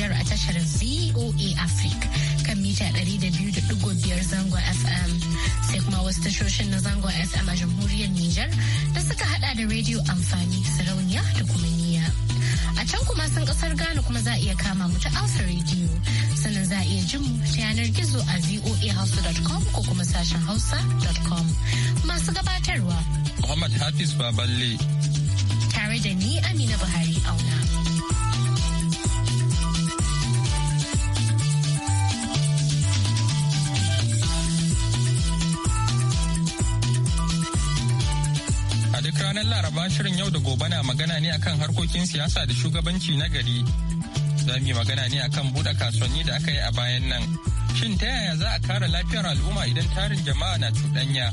Niger a tashar VOA Africa kan mita 200.5 zango FM. Sai kuma wasu tashoshin na zango FM a jamhuriyar niger da suka hada da rediyo amfani sarauniya da kuma niya. A can kuma sun kasar Ghana kuma za a iya kama mu ta Alpha Radio. Sannan za a iya jin mu ta yanar gizo a voahausa.com ko kuma sashen hausa.com. Masu gabatarwa. Muhammad Hafiz Baballe. Tare da ni Amina Buhari Auna. ranar laraba shirin yau da gobe na magana ne akan harkokin siyasa da shugabanci na gari za mu yi magana ne akan buɗe kasuwanni da aka yi a bayan nan shin ta yaya za a kare lafiyar al'umma idan tarin jama'a na cuɗanya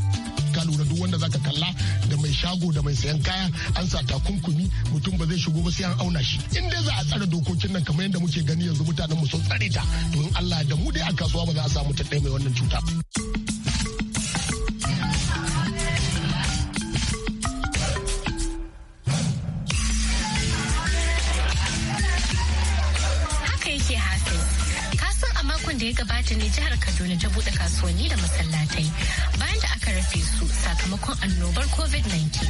ka lura duk wanda zaka kalla da mai shago da mai sayan kaya an sa takunkumi mutum ba zai shigo ba sai an auna shi in dai za a tsara dokokin nan kamar yadda muke gani yanzu mutanen mu sun tsare ta to Allah da mu dai a kasuwa ba za a samu ta mai wannan cuta. ya gabata ne jihar Kaduna ta bude kasuwanni da masallatai bayan da aka rufe su sakamakon annobar COVID-19.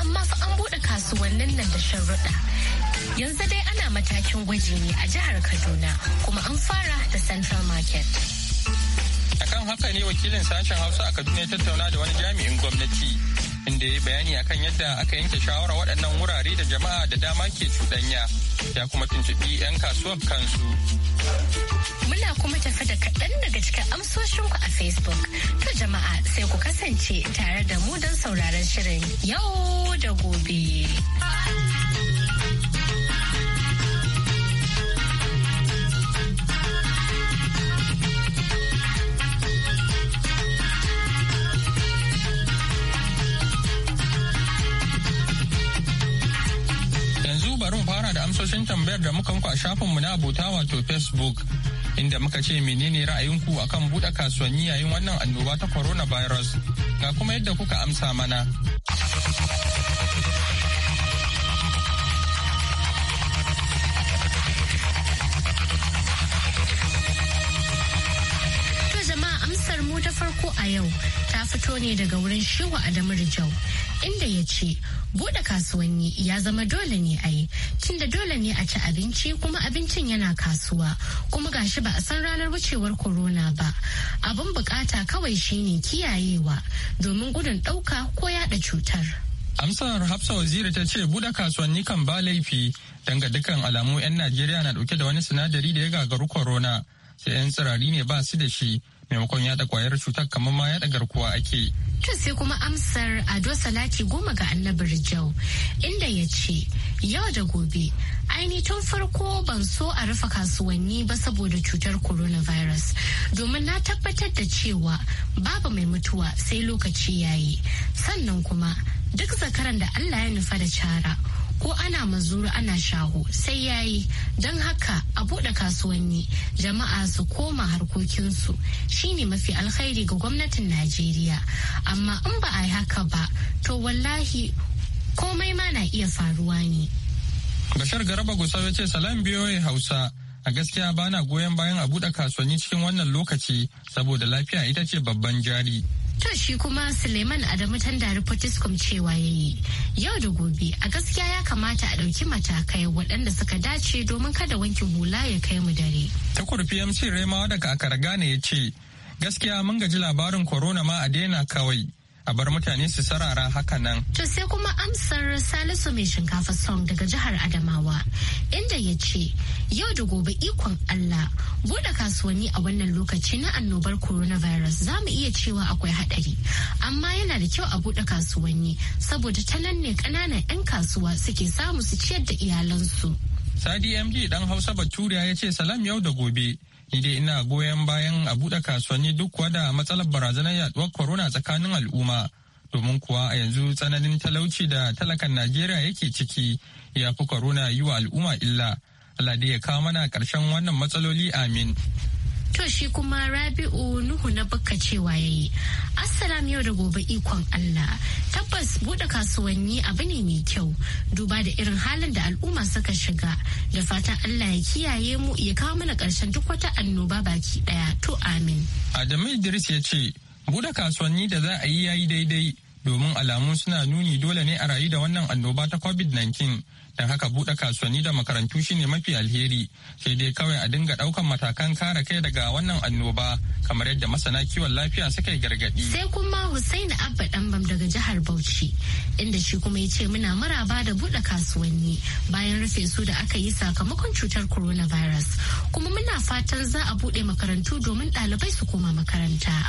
Amma fa an bude kasuwannin nan da sharruɗa. Yanzu dai ana matakin gwaji ne a jihar Kaduna kuma an fara da Central Market. Akan haka ne wakilin sashen Hausa a Kaduna ya tattauna da wani jami'in gwamnati. inda ya bayani akan yadda aka yanke shawara waɗannan wurare da jama'a da dama ke cuɗanya ya kuma tuntuɓi 'yan kasuwar kansu. Muna kuma tafi da kaɗan daga cikin amsoshinku a Facebook. To jama'a sai ku kasance tare da mu don sauraron shirin yau da gobe. amsoshin tambayar da muka muku a shafinmu na abota wato Facebook inda muka ce menene ra'ayinku akan buɗe kasuwanni yayin wannan annoba ta coronavirus ga kuma yadda kuka amsa mana. amsar mu ta farko a yau ta fito ne daga wurin shiwa Adamu Rijau inda ya ce bude kasuwanni ya zama dole ne a yi da dole ne a ci abinci kuma abincin yana kasuwa kuma gashi ba a san ranar wucewar corona ba abin bukata kawai shine kiyayewa domin gudun dauka ko yada cutar amsar hafsa waziri ta ce bude kasuwanni kan ba laifi danga dukkan alamu 'yan najeriya na dauke da wani sinadari da ya gagaru corona sai 'yan tsirari ne ba su da shi maimakon yada kwayar cutar kamar ma yada garkuwa ake To sai kuma amsar Ado Salati goma ga annabar Jau, inda ya ce, yau da gobe, aini tun farko ban so a rufe kasuwanni ba saboda cutar coronavirus, domin na tabbatar da cewa babu mai mutuwa sai lokaci yayi. Sannan kuma, duk zakaran da Allah ya nufa da cara. ko ana mazuru ana shaho sai yayi don haka a buɗe kasuwanni jama'a su koma harkokinsu shine mafi alkhairi ga gwamnatin najeriya amma in ba a yi haka ba to wallahi komai ma na iya faruwa ne bashar garaba gusau ya ce salam biyoyi hausa a gaskiya bana goyon bayan a buɗe kasuwanni cikin wannan lokaci saboda lafiya ita ce babban jari To shi kuma Suleiman Adamu Tandari Potiskum cewa ya yi. Yau da gobe a gaskiya ya kamata a ɗauki matakai waɗanda suka dace domin kada wankin hula ya kai mu dare. Takwar PMC Rema daga Akara gane ya ce, gaskiya mun gaji labarin corona ma a daina kawai. a bar mutane su sarara hakanan. To sai kuma amsar Salisu mai shinkafa song daga jihar Adamawa inda ya ce yau da gobe ikon Allah bude kasuwanni a wannan lokaci na annobar coronavirus za mu iya cewa akwai hadari amma yana da kyau a bude kasuwanni saboda ta nan ne ƙananan 'yan kasuwa suke samu su ciyar da iyalansu. Sadi MD dan Hausa Baturiya ya ce salam yau da gobe Ni dai ina goyon bayan a buɗe kasuwanni duk kuwa da matsalar barazanar yaduwar corona tsakanin al'umma. Domin kuwa a yanzu tsananin talauci da talakan Najeriya yake ciki ya fi corona yi wa al'umma illa. Allah ya kawo mana ƙarshen wannan matsaloli amin. To shi kuma Rabi'u Nuhu na baka cewa ya yi, Assalam yau da gobe ikon Allah. Tabbas buɗe kasuwanni abu ne mai kyau, duba da irin halin da al'umma suka shiga da fatan Allah ya kiyaye mu ya kawo mana ƙarshen duk wata annoba baki ɗaya to amin. Adamu Idris ya ce buɗe kasuwanni da za a yi yayi daidai domin alamu suna nuni dole ne a rayu da wannan annoba ta covid-19 don haka buɗe kasuwanni da makarantu shine mafi alheri sai dai kawai a dinga ɗaukan matakan kare kai daga wannan annoba kamar yadda masana kiwon lafiya suka yi gargaɗi. sai kuma hussaini abba ɗanbam daga jihar bauchi inda shi kuma ya ce muna maraba da buɗe kasuwanni bayan rufe su da aka yi sakamakon cutar coronavirus kuma muna fatan za a buɗe makarantu domin ɗalibai su koma makaranta.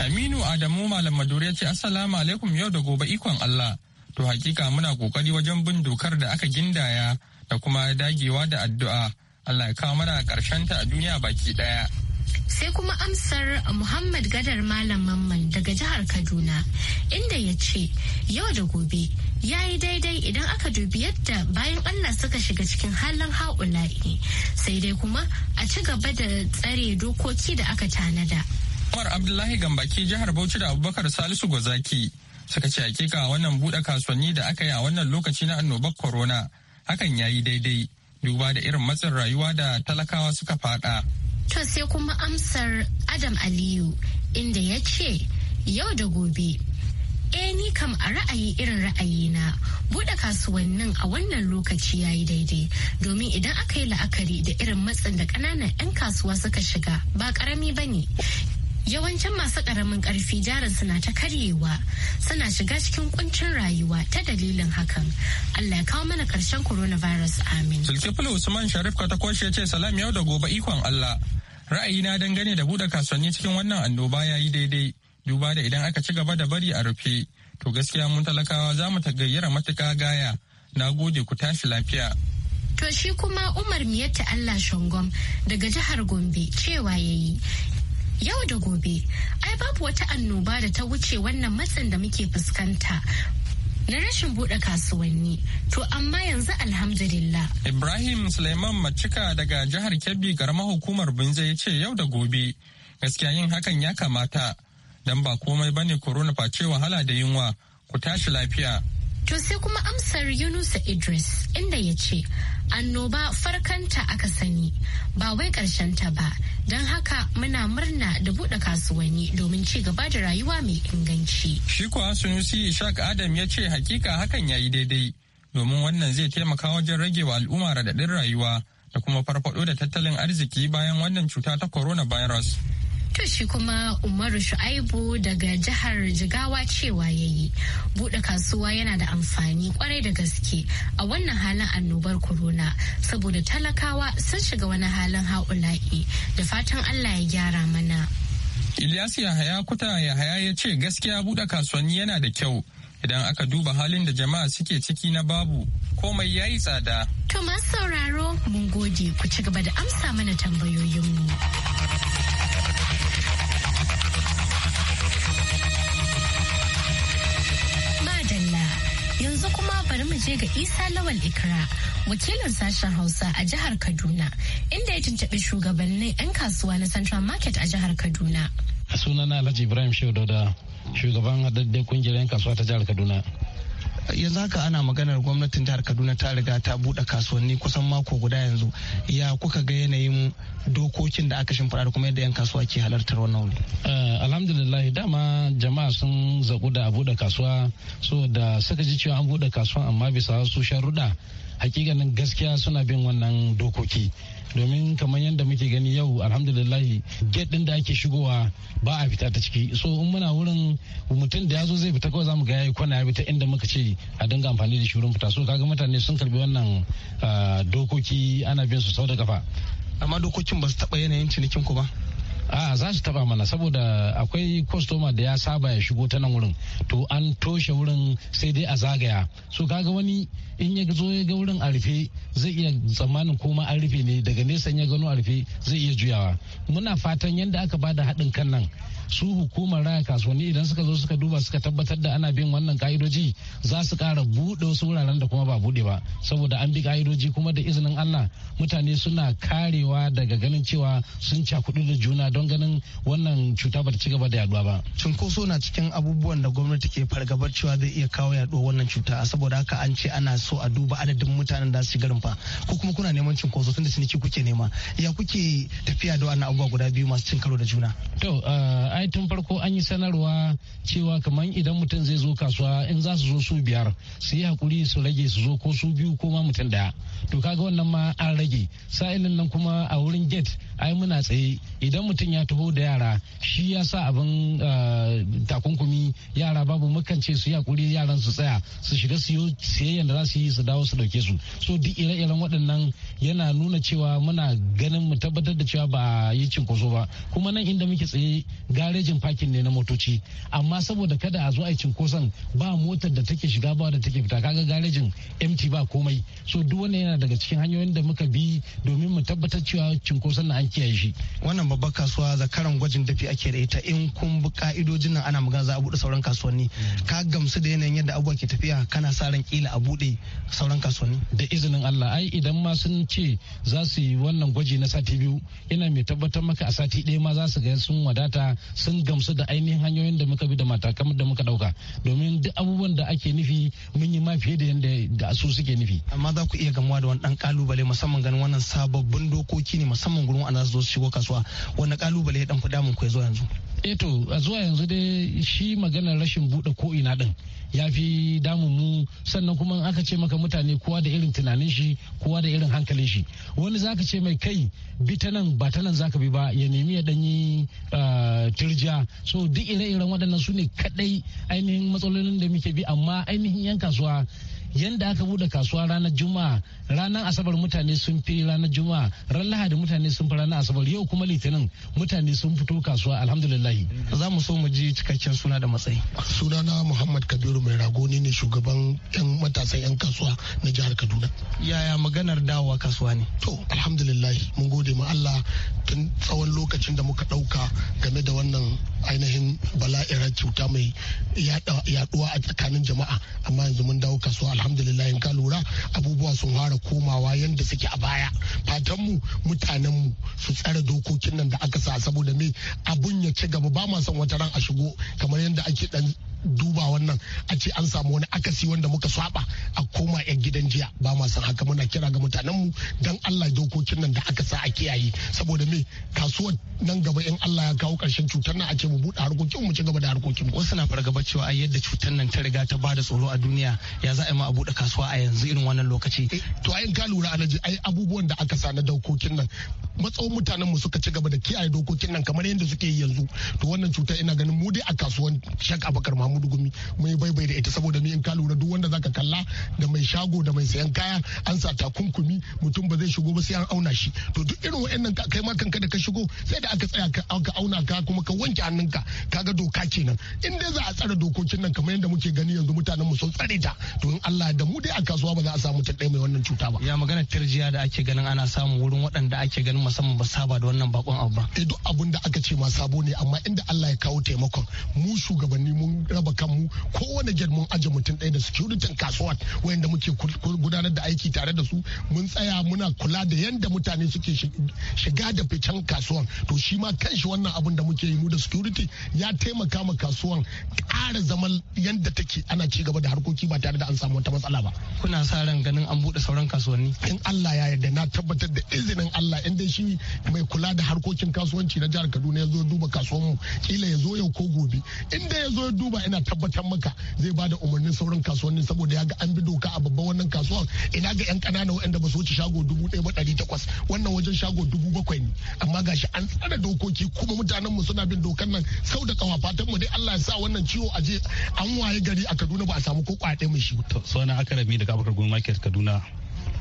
Aminu Adamu Malam Maduri ya ce Assalamu alaikum yau da gobe ikon Allah. To hakika muna kokari wajen bin dokar da aka gindaya da kuma dagewa da addu'a. Allah ya kawo mana karshen ta a duniya baki daya. Sai kuma amsar Muhammad Gadar Malam Mamman daga jihar Kaduna inda ya ce yau da gobe ya yi daidai idan aka dubi yadda bayan Allah suka shiga cikin halin haula'i sai dai kuma a ci gaba da tsare dokoki da aka tanada. Umar Abdullahi Gambaki jihar Bauchi da Abubakar Salisu Gwazaki suka ce hakika wannan buɗe kasuwanni da aka yi a wannan lokaci na annobar corona hakan ya yi daidai duba da irin matsin rayuwa da talakawa suka faɗa. To sai kuma amsar Adam Aliyu inda ya ce yau da gobe. Eh ni kam a ra'ayi irin ra'ayi na buɗe kasuwannin a wannan lokaci ya yi daidai domin idan aka yi la'akari da irin matsin da ƙananan 'yan kasuwa suka shiga ba ƙarami ba ne. Yawancin masu ƙaramin ƙarfi jarin suna ta karyewa suna shiga cikin kuncin rayuwa ta dalilin hakan. Allah ya kawo mana ƙarshen coronavirus amin. Zulkifil Usman Sharif ta ya ce salam yau da gobe ikon Allah. Ra'ayina dangane da buɗe kasuwanni cikin wannan annoba ya yi daidai. Duba da idan aka ci gaba da bari a rufe. To gaskiya mun talakawa za mu ta gayyara matuƙa gaya. Na gode ku tashi lafiya. To shi kuma Umar Miyatta Allah Shangom daga jihar Gombe cewa yayi. Yau da gobe, ai babu wata annoba da ta wuce wannan matsin da muke fuskanta na rashin bude kasuwanni to amma yanzu alhamdulillah. Ibrahim Suleiman Macika daga jihar Kebbi Garma hukumar Binza ya ce yau da gobe gaskiya yin hakan ya kamata dan ba komai bane corona face wahala da yunwa ku tashi lafiya. To sai kuma amsar Yunusa Idris inda ya ce annoba farkanta aka sani ba wai ta ba don haka muna murna da buɗe kasuwanni domin ci gaba da rayuwa mai inganci. Shi kuwa Sunusi Ishaq Adam ya ce hakika hakan ya yi daidai domin wannan zai taimaka wajen rage wa al'umma raɗaɗin rayuwa da kuma farfaɗo da tattalin arziki bayan wannan cuta ta coronavirus. To shi kuma Umaru Shu'aibu daga jihar Jigawa cewa ya yi buɗe kasuwa yana da amfani kwarai da gaske a wannan halin annobar corona saboda talakawa sun shiga wani halin haula'i da fatan Allah ya gyara mana. Ilyas Yahaya kuta Yahaya ya ce gaskiya buɗe kasuwanni yana da kyau idan aka duba halin da jama'a suke ciki na babu komai yayi tsada. To masu sauraro mun gode ku ci gaba da amsa mana tambayoyinmu. bari mu je ga Isa Lawal Ikra, wakilin sashen Hausa a jihar Kaduna, inda ya tuntaɓi shugabannin 'yan kasuwa na Central Market a jihar Kaduna. Sunana Alhaji Ibrahim Shehu Dauda, shugaban haɗaɗɗen kungiyar 'yan kasuwa ta jihar Kaduna. yanzu haka ana maganar gwamnatin jihar kaduna ta riga ta buɗe kasuwanni kusan mako guda yanzu ya kuka ga yanayin dokokin da aka shimfiɗa da kuma yadda 'yan kasuwa ke halartar wannan wuri eh, alhamdulillah dama jama'a sun zaku da a buɗe kasuwa so da suka ji cewa an buɗe kasuwa amma bisa su sharuɗa hakikanin gaskiya suna bin wannan dokoki domin kamar yadda muke gani yau alhamdulillahi get din da ake shigowa ba a fita ta ciki so in muna wurin mutum da ya zo zai fita kawai zamu ga yayi kwana ya fita inda muka ce a dinga amfani da shi fita so kaga mutane sun karbi wannan ah, dokoki ana bin su sau da kafa amma dokokin ba su taba yanayin cinikin ku ba a za su taba mana saboda akwai kwastoma da ya saba ya shigo ta nan wurin to an toshe wurin sai dai a zagaya so kaga wani in ya zo ya ga wurin a rufe zai iya tsammanin koma an rufe ne daga nesa ya gano a rufe zai iya juyawa muna fatan yadda aka bada haɗin kan nan su hukumar raya kasuwanni idan suka zo suka duba suka tabbatar da ana bin wannan ka'idoji za su kara buɗe wasu wuraren da kuma ba buɗe ba saboda an bi ka'idoji kuma da izinin Allah mutane suna karewa daga ganin cewa sun kuɗi da juna don ganin wannan cuta ba ta ci gaba da yaduwa ba. Cunkoso na cikin abubuwan da gwamnati ke fargabar cewa zai iya kawo yaduwar wannan cuta saboda haka an ce ana so a duba adadin mutanen da su shiga rumfa ko kuma kuna neman cunkoso tunda ciniki kuke nema ya kuke tafiya da wannan abubuwa guda biyu masu cin karo da juna. To eh, ai tun farko an yi sanarwa cewa kamar idan mutum zai zo kasuwa in za su zo su biyar su yi hakuri su rage su zo ko su biyu ko ma mutum daya to kaga wannan ma an rage sa'ilin nan kuma a wurin gate ai muna tsaye idan mutum ya taho da yara shi ya sa abin eh, takunkumi yara babu makance su yakuri yaran su tsaya su shiga su siyayyan da za su yi su dawo su dauke su so duk ire-iren waɗannan yana nuna cewa muna ganin mu tabbatar da cewa ba a yi cinkoso ba kuma nan inda muke tsaye garejin parking ne na motoci amma saboda kada a zo a yi cinkoson ba motar da take shiga ba da take fita kaga garejin mt ba komai so duk wannan yana daga cikin hanyoyin da muka bi domin mu tabbatar cewa cinkoson na an kiyaye shi wannan babbar kasuwa zakaran gwajin dafi ake da ita in kun bi ka'idojin nan ana magana za a bude sauran kasuwanni ka gamsu da yanayin yadda abubuwa ke tafiya kana sa ran kila a bude sauran kasuwanni da izinin Allah ai idan ma sun ce za su yi wannan gwaji na sati biyu ina mai tabbatar maka a sati ɗaya ma za su ga sun wadata sun gamsu da ainihin hanyoyin da muka bi da matakan da muka dauka domin duk abubuwan da ake nufi mun yi ma fiye da yanda da su suke nufi amma za ku iya gamuwa da wani dan kalubale musamman ganin wannan sababbin dokoki ne musamman gurin za su zo su shigo kasuwa wanda kalubale ya dan fi damun ku zuwa yanzu eh a zuwa yanzu dai shi maganar rashin bude ko ina din ya fi damun mu sannan kuma aka ce maka mutane kowa da irin tunanin shi kowa da irin hankalin shi wani zaka ce mai kai bi ta nan ba ta nan zaka bi ba ya nemi ya danyi ah, turja so duk ire-iren waɗannan su ne kadai ainihin matsalolin da muke bi amma ainihin yan kasuwa yanda aka bude kasuwa ranar juma'a ranar asabar mutane sun fi ranar juma'a ran lahadi mutane sun fi ranar asabar yau kuma litinin mutane sun fito kasuwa alhamdulillah za mu so mu ji cikakken suna da matsayi sunana muhammad kabiru mai rago ni ne shugaban yan matasan yan kasuwa na jihar kaduna yaya maganar dawowa kasuwa ne to alhamdulillah mun gode ma allah tun tsawon lokacin da muka dauka game da wannan ainihin bala'irar cuta mai yaduwa a tsakanin jama'a amma yanzu mun dawo kasuwa alhamdulillah in ka lura abubuwa sun fara komawa yadda suke a baya fatan mu mutanen mu su tsare dokokin nan da aka sa saboda me abun ya ci gaba ba ma son wata ran a shigo kamar yadda ake dan duba wannan a ce an samu wani akasi wanda muka saba a koma yan gidan jiya ba ma san haka muna kira ga mutanen mu dan Allah dokokin nan da aka sa a kiyaye saboda me kasuwar nan gaba in Allah ya kawo karshen cutar nan a ce mu buɗe harkokin mu ci gaba da harkokin mu wasu na fargaba cewa ai yadda cutar nan ta riga ta bada tsoro a duniya ya za a yi ma a bude kasuwa a yanzu irin wannan lokaci. Eh, to ayin ka lura alaji ai abubuwan da aka sani dokokin nan matsawon mutanen mu suka ci gaba da kiyaye dokokin nan kamar yadda suke yi yanzu to wannan cuta ina ganin mu dai a kasuwan Shak Abakar Mahmudu Gumi mun baibai da ita saboda ni in ka lura duk wanda zaka kalla da mai shago da mai sayan kaya an sa takunkumi mutum ba zai shigo ba sai an auna shi to duk irin wa'annan kai ma kanka da ka shigo sai da aka tsaya ka auna ka kuma ka wanke hannunka kaga doka kenan in dai za a tsare dokokin nan kamar yadda muke gani yanzu mutanen mu sun tsare ta to in Allah da mu dai a kasuwa ba za a samu ta mai wannan cuta ba ya magana tirjiya da ake ganin ana samu wurin waɗanda ake ganin musamman ba saba da wannan bakon abu ba eh duk abin da aka ce ma sabo ne amma inda Allah ya kawo taimakon mu shugabanni mun raba kanmu kowane gate mun aje mutum ɗaya da security kasuwa wayanda muke gudanar da aiki tare da su mun tsaya muna kula da yanda mutane suke shiga da ficen kasuwan to shi ma kan kanshi wannan abun da muke yi mu da security ya taimaka ma kasuwan ƙara zaman yanda take ana ci gaba da harkoki ba tare da an samu wata wata matsala ba kuna sa ran ganin an bude sauran kasuwanni in Allah ya yarda na tabbatar da izinin Allah in dai shi mai kula da harkokin kasuwanci na jihar Kaduna ya zo duba kasuwan mu kila ya zo yau ko gobe in dai ya zo ya duba ina tabbatar maka zai bada umarnin sauran kasuwanni saboda ya ga an bi doka a babban wannan kasuwan ina ga yan kanana waɗanda ba su wuce shago dubu ɗaya ba ɗari takwas wannan wajen shago dubu bakwai ne amma gashi an tsara dokoki kuma mutanen mu suna bin dokan nan sau da kawa fatan mu dai Allah ya sa wannan ciwo a je an waye gari a Kaduna ba a samu ko kwaɗe mai shi. suna akarami daga abubakar gumi market kaduna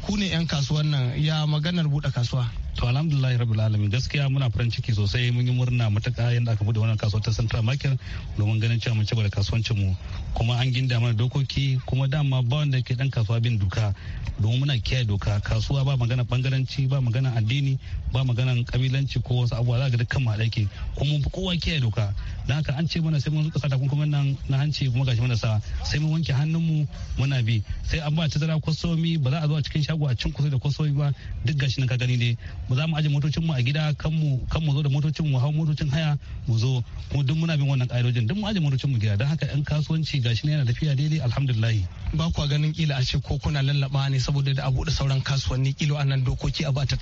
ku ne 'yan kasuwan nan ya maganar buɗe kasuwa to alhamdulillah rabbil alamin gaskiya muna farin ciki sosai mun yi murna mutaka yadda aka bude wannan kasuwar ta central market domin ganin cewa mun ci da kasuwancin mu kuma an ginda mana dokoki kuma dama ba wanda ke dan kasuwa bin doka domin muna kiyaye doka kasuwa ba magana bangaranci ba magana addini ba magana kabilanci ko wasu abubuwa za ga dukkan ma dake kuma kowa kiyaye doka dan haka an ce mana sai mun zuka sata kuma nan na hanci kuma gashi mana sa sai mun wanke hannun mu muna bi sai an ba tazara kwasomi ba za a zo a cikin shago a cin kusa da kwasoyi ba duk gashi na ka gani ne mu za mu aje motocin mu a gida kan mu kan mu zo da motocin mu hau motocin haya mu zo kuma duk muna bin wannan ƙa'idojin duk mu aje motocin mu gida don haka yan kasuwanci gashi ne yana tafiya daidai alhamdulillah ba kwa ganin kila a ce ko kuna lallaba ne saboda da abu da sauran kasuwanni kilo a nan dokoki a ba ta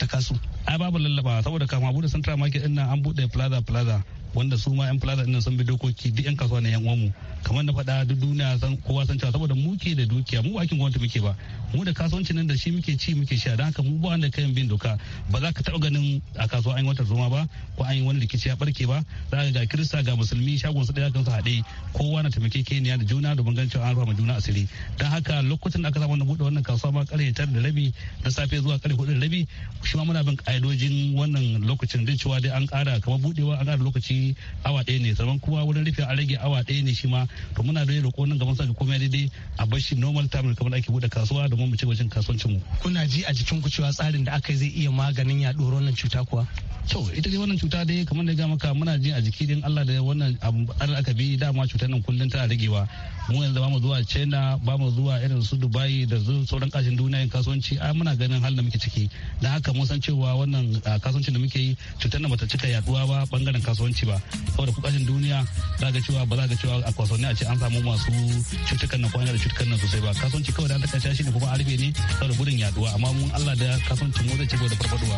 ai babu lallaba saboda kama abu da central market ɗin nan an buɗe plaza plaza wanda su ma 'yan plaza ɗin sun bi dokoki duk 'yan kasuwa na 'yan uwanmu kamar na faɗa duk duniya san kowa san cewa saboda mu ke da dukiya mu bakin gwamnati muke ba mu da kasuwanci nan da shi muke ci muke sha da haka mu ba wanda kayan bin doka ba za ka taɓa ganin a kasuwa an yi wata zoma ba ko an yi wani rikici ya barke ba za ka ga kirista ga musulmi shagon su ɗaya kansu haɗe kowa na keniya da juna domin ganin cewa an rufa juna asiri don haka lokacin da aka samu na buɗe wannan kasuwa ma ƙarfe tara da rabi na safe zuwa ƙarfe hudu da rabi shi ma muna bin ƙa'idojin wannan lokacin din cewa dai an ƙara kamar buɗewa an ƙara lokaci awa ɗaya ne sannan kuma wurin rufe a rage awa ɗaya ne shi ma to muna da roƙo nan gaban sake komai daidai a bar shi normal time kamar ake bude kasuwa domin mu ci gajin kasuwancin mu. kuna ji a jikin ku cewa tsarin da aka zai iya maganin yaɗuwar wannan cuta kuwa. to ita dai wannan cuta dai kamar da ga maka muna ji a jiki din Allah da wannan abu aka bi dama cutar nan kullum tana ragewa mu yanzu ba mu zuwa China ba mu zuwa irin su Dubai da sauran kashin duniya yin kasuwanci a muna ganin halin da muke ciki dan haka mun san cewa wannan ah, kasuwancin da muke yi cutar nan bata cika yaduwa ba bangaren kasuwanci ba saboda kasashen duniya za ga cewa ba za ga cewa a kasuwanni a ce an samu masu cutukan na kwana da cutukan na sosai ba kasuwanci kawai da an taka shi ne kuma arbe ne saboda gudun yaduwa amma mun Allah da kasuwancin mu zai ci gaba da farfaduwa.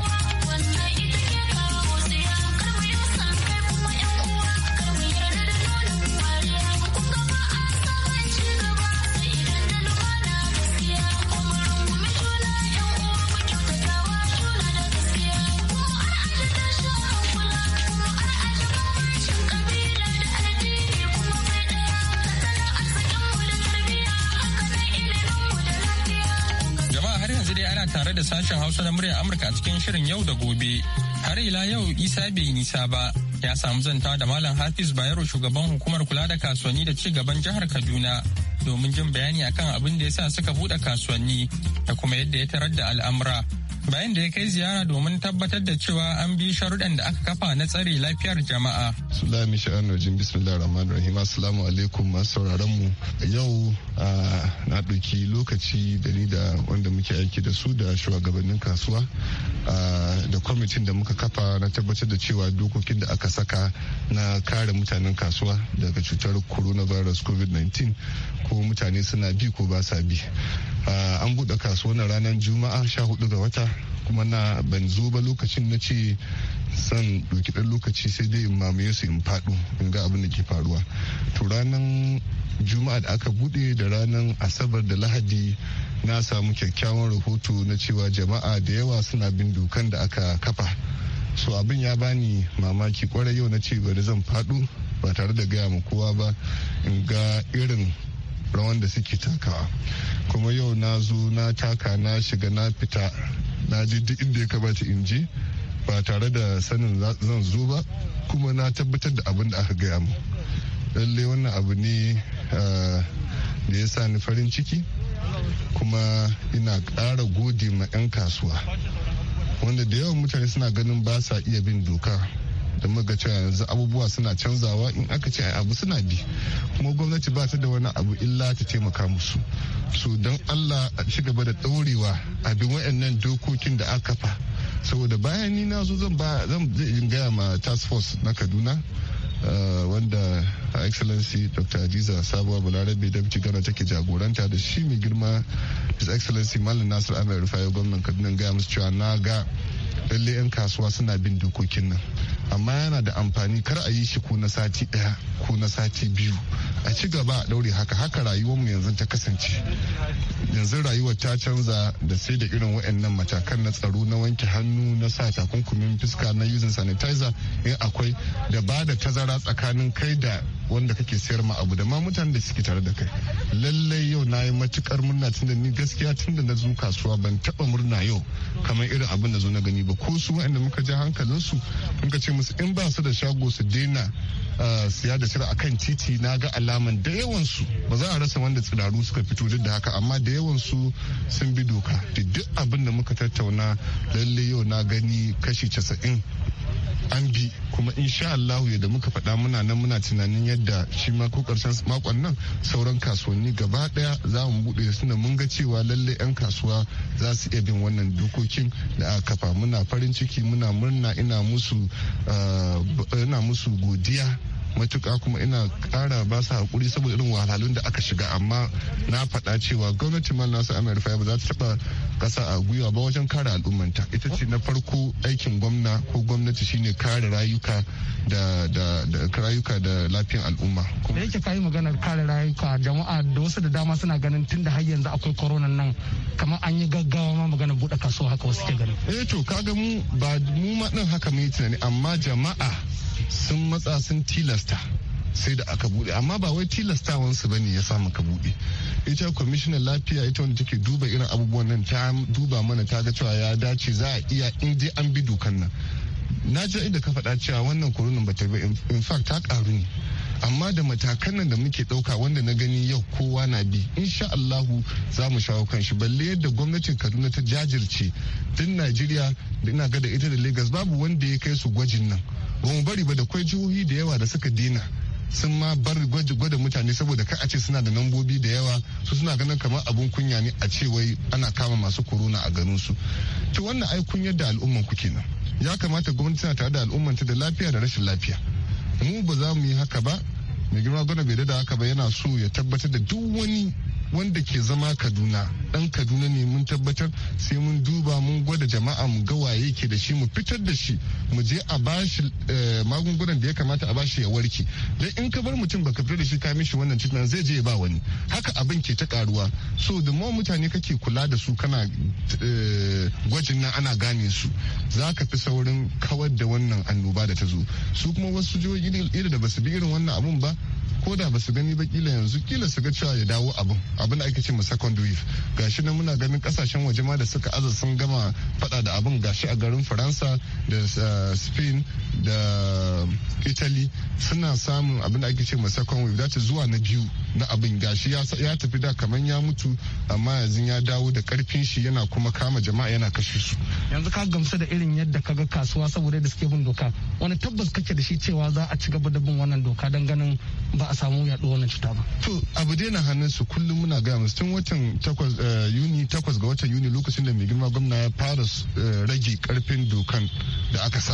shirin yau da gobe. Har ila yau Isa bai nisa ba ya samu zanta da Malam Hafiz Bayero shugaban hukumar kula da kasuwanni da ci gaban jihar Kaduna domin jin bayani akan abin da ya sa suka buɗe kasuwanni da kuma yadda ya tarar da al'amura bayan da ya kai ziyara domin tabbatar da cewa an bi sharuɗan da aka kafa na tsare lafiyar jama'a. Sulami sha'an rajin bismillah rahman rahim assalamu alaikum masu sauraron mu yau na ɗauki lokaci da ni da wanda muke aiki da su da shugabannin kasuwa da kwamitin da muka kafa na tabbatar da cewa dokokin da aka saka na kare mutanen kasuwa daga cutar coronavirus covid-19 ko mutane suna bi ko ba sa bi. an buɗe kasuwar ranar juma'a sha hudu ga wata kuma na ban zo ba lokacin na ce san ɗauki ɗan lokaci sai dai in mamaye su in faɗo in ga abin da ke faruwa to ranar juma'a da aka buɗe da ranar asabar da lahadi na samu kyakkyawan rahoto na cewa jama'a da yawa suna bin dokan da aka kafa so abin ya bani mamaki kwarai yau na ce bari zan faɗo ba tare da gaya ma kowa ba in ga irin rawan da suke takawa kuma yau na zo na taka na shiga na fita na ji duk inda ya kamata in ji ba tare da sanin zan zo ba kuma na tabbatar da abin da aka gaya mu lallai wannan abu ne ah, da ya sa ni farin ciki kuma ina ƙara gode ma 'yan kasuwa wanda da yawan mutane suna ganin ba sa iya bin doka da muka cewa yanzu abubuwa suna canzawa in aka ce abu suna bi kuma gwamnati ba ta da wani abu illa ta taimaka musu su don allah a ci gaba da ɗorewa a bin waɗannan dokokin da aka fa saboda bayan ni na zo zan gaya ma task force na kaduna eh, wanda a excellency dr adiza sabuwa balarabe da gana take jagoranta da shi mai girma his excellency malam nasir amir rufai gwamnan kaduna gaya musu cewa na ga lalle 'yan kasuwa suna bin dokokin nan amma yana da amfani kar a yi shi ko na sati ɗaya ko na sati biyu a ci gaba a ɗaure haka haka rayuwarmu yanzu ta kasance yanzu rayuwar ta canza da sai da irin waɗannan matakan na tsaro na wanke hannu na sa takunkumin fuska na using sanitizer in akwai da ba da tazara tsakanin kai da wanda kake sayar ma abu da ma mutanen da suke tare da kai lallai yau na yi matukar murna tunda ni gaskiya tunda na zo kasuwa ban taba murna yau kamar irin abin da zo na gani ba ko su waɗanda muka ja hankalin su muka ce musu in ba su da shago su daina ah, siya da sira akan titi na ga alaman da yawan su ba za a rasa wanda tsiraru suka fito duk da haka amma da yawan su sun bi doka duk abin da muka tattauna lallai yau na gani kashi casa'in an bi kuma insha Allah yadda muka faɗa muna nan muna tunanin yadda shi ma ko karshen makon nan sauran kasuwanni gaba daya za mu buɗe suna mun ga cewa lallai 'yan kasuwa za su iya bin wannan dokokin da aka kafa muna farin ciki muna murna ina musu eh, godiya matuƙa kuma ina ƙara ba su haƙuri saboda irin wahalhalun da aka shiga amma na faɗa cewa gwamnati man nasu amurka ba za ta taɓa ƙasa a gwiwa ba wajen kare al'ummanta ita ce na farko aikin gwamna ko gwamnati shine kare rayuka da da rayuka da lafiyar al'umma. da yake kayi maganar kare rayuka jama'a da wasu da dama suna ganin tun da har yanzu akwai korona nan kamar an yi gaggawa ma maganar buɗe kasuwa haka wasu ke ganin. eh to kaga mu ba mu ma ɗin haka mun tunani amma jama'a sun matsa sun tilasta sai da aka bude amma ba wai wansu ba ne ya samu ka bude ita kwamishinan lafiya ita wanda take duba irin abubuwan nan ta duba mana ta ga cewa ya dace za a iya in je an bi dokan nan na ji inda ka faɗa cewa wannan koronan ba ta bi in fact ta karu ne amma da matakan nan da muke ɗauka wanda na gani yau kowa na bi insha Allahu za mu shawo kan shi balle yadda gwamnatin Kaduna ta jajirce tun Najeriya da ina ga da ita da Lagos babu wanda ya kai su gwajin nan ba mu bari ba da kwai jihohi da yawa da suka dina sun ma bar gwada mutane saboda kai a ce suna da nambobi da yawa su suna ganin kamar abun kunya ne a ce wai ana kama masu corona a garin su to wannan ai kunyar da al'umman ku kenan ya kamata gwamnati tana tare da al'umman ta da lafiya da rashin lafiya mu ba za mu yi haka ba mai girma gwana bai da haka ba yana so ya tabbatar da duk wani wanda ke zama kaduna dan kaduna ne mun tabbatar sai mun duba mun gwada jama'a mu ga waye ke da shi mu fitar da shi mu je a bashi eh, magungunan da ya kamata a bashi ya warke dan in ka bar mutum baka fitar da shi ka mishi wannan cutar zai je ya ba wani haka abin ke ta karuwa so da mu mutane kake kula da su kana eh, gwajin nan ana gane su za ka fi saurin kawar da wannan annoba da ta zo su kuma wasu jihohi irin da basu bi irin wannan abun ba ko da basu gani ba kila yanzu kila su ga cewa ya dawo abin abin da ake ce ma second gashi na muna ganin kasashen waje ma da suka aza sun gama fada da abin gashi a garin faransa da uh, spain da italy suna samun abin da ake ce mai wave zuwa na biyu na abin gashi ya tafi da kamar ya mutu amma yanzu ya dawo da karfin shi yana kuma kama jama'a yana kashe su yanzu ka gamsu da irin yadda kaga kasuwa saboda da suke bin doka wani tabbas kake da shi cewa za a ci gaba da bin wannan doka don ganin ba a samu yaduwar wannan cuta ba to abu dai na hannun su kullum muna gaya musu tun watan takwas eh, yuni takwas ga watan yuni lokacin da mai girma gwamna ya fara eh, rage karfin dokan da aka sa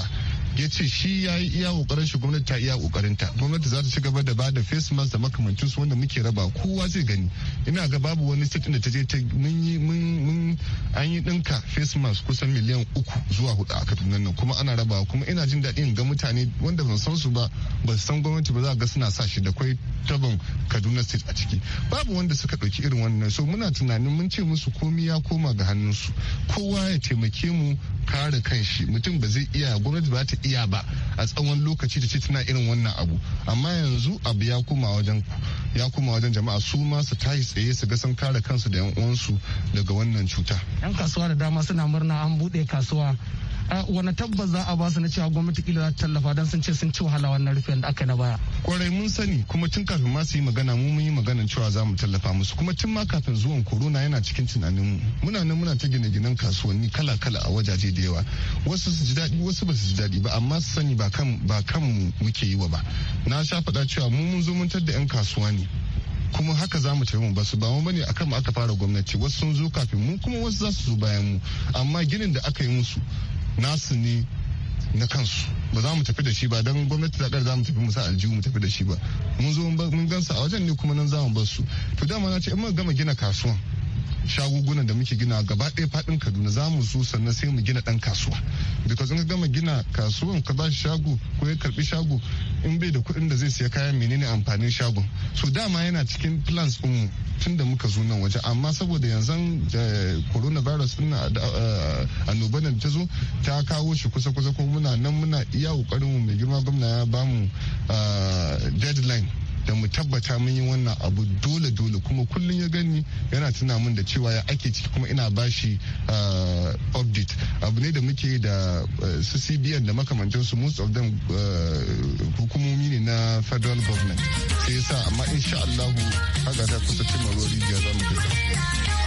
ya ce shi ya yi iya kokarin shi gwamnati ta iya kokarin ta gwamnati za ta ci gaba da ba da face mask da makamancin su wanda muke raba kowa zai gani ina ga babu wani state da ta je ta mun yi mun an yi dinka face mask kusan miliyan uku zuwa hudu a kafin nan kuma ana rabawa kuma ina jin daɗin ga mutane wanda ban san su ba ba san gwamnati ba za ga suna sa shi da kwai tabon kaduna state a ciki babu wanda suka ɗauki irin wannan so muna tunanin mun ce musu komi ya koma ga hannunsu kowa ya taimake mu kare kanshi mutum ba zai iya gwamnati ba ta iya ba a tsawon lokaci da ce tana irin wannan abu amma yanzu abu ya koma wajen ya koma wajen jama'a su ma su tashi tsaye su ga sun kare kansu da yan uwansu daga wannan cuta yan kasuwa da dama suna murna an buɗe kasuwa Eh, wani tabbas za a ba su na cewa gwamnati kila za ta tallafa don sun ce sun ci wahala wannan rufin da aka na baya. Kwarai mun sani kuma tun kafin ma su yi magana mu mun yi magana cewa za mu tallafa musu kuma tun ma kafin zuwan korona yana cikin tunanin mu. Muna nan muna ta gine-ginen kasuwanni kala-kala a wajaje da yawa. Wasu su ji daɗi wasu ba su ji daɗi ba amma su sani ba kan ba muke yi wa ba. Na sha faɗa cewa mu mun zo mun da 'yan kasuwa ne. kuma haka za mu tafi mu basu ba mu bane akan aka fara gwamnati wasu sun zo kafin mu kuma wasu za su zo bayan mu amma ginin da aka yi musu nasu ne na kansu ba za mu tafi da shi ba don gwamnati da za mu tafi musa aljihu mu tafi da shi ba mun zo mun gansa a wajen ne kuma nan za mu bar su to dama na ce in mun gama gina kasuwan shagugunan da muke gina gaba ɗaya faɗin kaduna za mu so sannan sai mu gina ɗan kasuwa because in ka gama gina kasuwan ka ba shi shago ko ya karbi shago in bai da kuɗin da zai siya kayan menene amfanin shagon so dama yana cikin plans ɗinmu tun da muka zo nan waje amma saboda yanzu eh, coronavirus ɗin annoba da eh, ta zo ta kawo shi kusa kusa ko muna nan muna iya ƙoƙarin mu mai girma gwamna ya bamu eh, deadline da mu tabbata mun yi wannan abu dole dole kuma kullum ya gani yana tuna min da cewa ya ake ciki kuma ina bashi uh, update abu ne da muke da uh, su cbn da makamantansu most of them uh, hukumomi ne na federal government sai yasa amma insha allahu haka ta kusa cimma ruwa rijiya za mu kai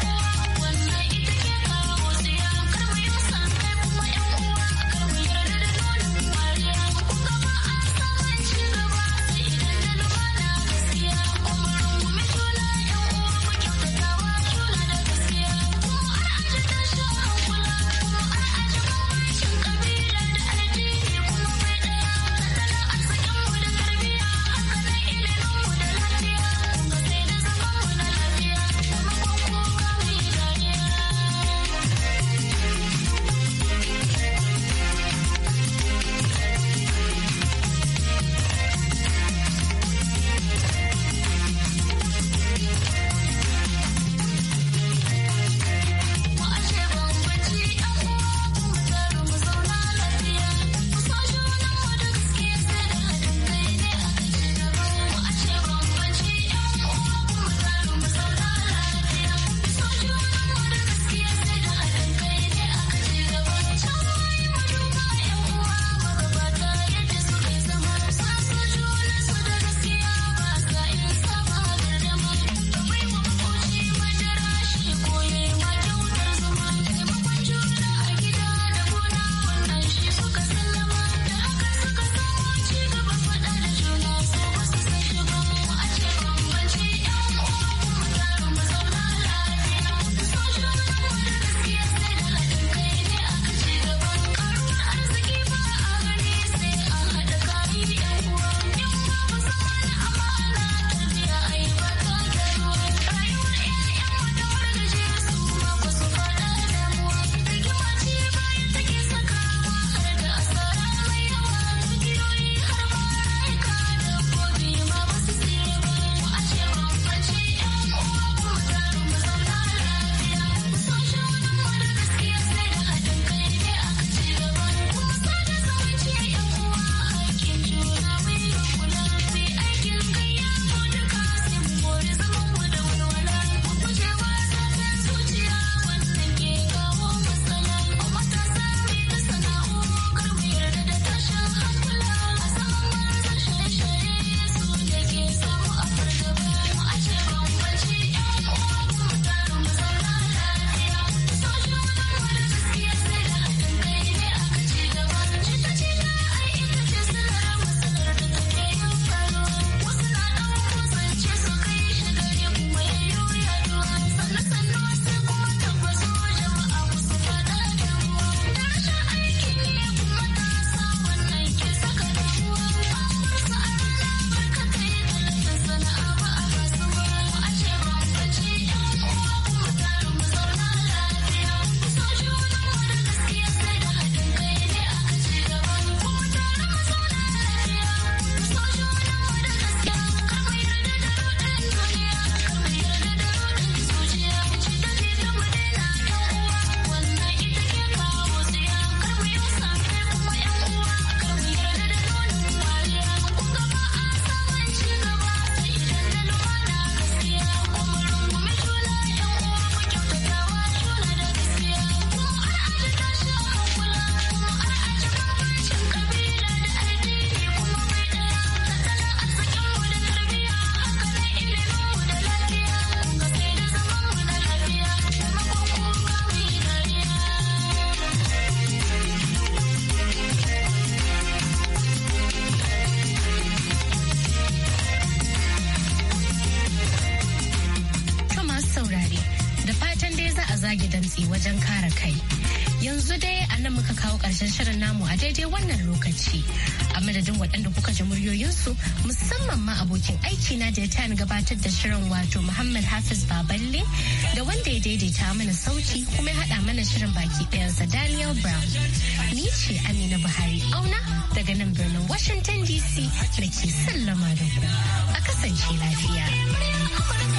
zage dantse wajen kare kai. Yanzu dai a nan muka kawo ƙarshen shirin namu a daidai wannan lokaci. A madadin waɗanda kuka ji muryoyinsu musamman ma abokin aiki na da ya tayan gabatar da shirin wato Muhammad Hafiz Baballe da wanda ya daidaita mana sauti kuma ya haɗa mana shirin baki ɗayansa Daniel Brown. Ni ce Amina Buhari auna daga nan birnin Washington DC da ke sallama da ku. A kasance lafiya.